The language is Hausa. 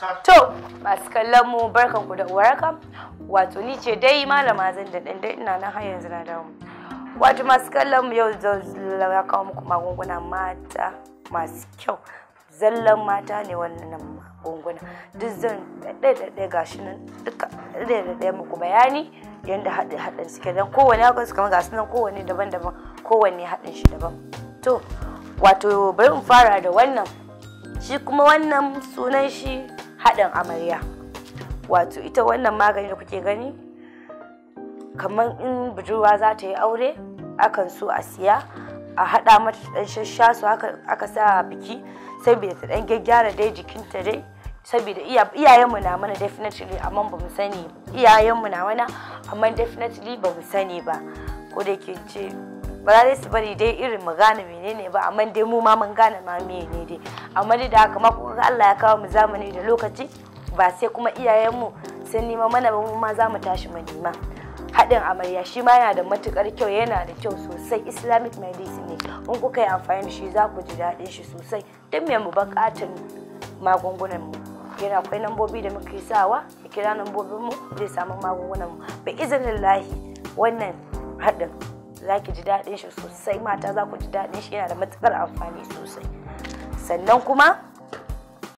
To, masu kallon mu barkan ku da waraka. Wato ni ce dai malama zan da dan dai ina nan har yanzu na dawo. Wato masu kallon mu yau zan kawo muku magunguna mata masu kyau. Zallan mata ne wannan magunguna. Duk zan ɗaya da gashi nan duka da ɗaya muku bayani yanda haɗin suke dan kowane ga su kama gasu nan kowane daban-daban kowane haɗin shi daban. To, wato bari mu fara da wannan shi kuma wannan sunan shi haɗin amarya wato ita wannan magani da kuke gani kamar in budurwa za ta yi aure akan so a siya a haɗa mata ɗan shasha su aka sa biki saboda ta ɗan gyaggyara dai jikinta dai saboda iyayenmu na mana definitely amma ba mu sani iyayenmu na mana amma definitely ba mu sani ba ko da ke ce ba za su bari dai irin mu gane menene ba amma dai mu ma mun gane ma menene dai amma dai da haka ma ga Allah ya kawo mu zamani da lokaci ba sai kuma iyayenmu sun nima mana ba mu ma za mu tashi mu nima haɗin amarya shi ma yana da matukar kyau yana da kyau sosai islamic medicine ne in kuka yi amfani da shi za ku ji daɗin shi sosai don me mu buƙatar magungunan mu yana akwai nambobi da muke sawa ya kira nambobin mu zai samu magungunan mu bi izinin lahi wannan haɗin za ki ji daɗin shi sosai mata za ku ji daɗin shi yana da matuƙar amfani sosai sannan kuma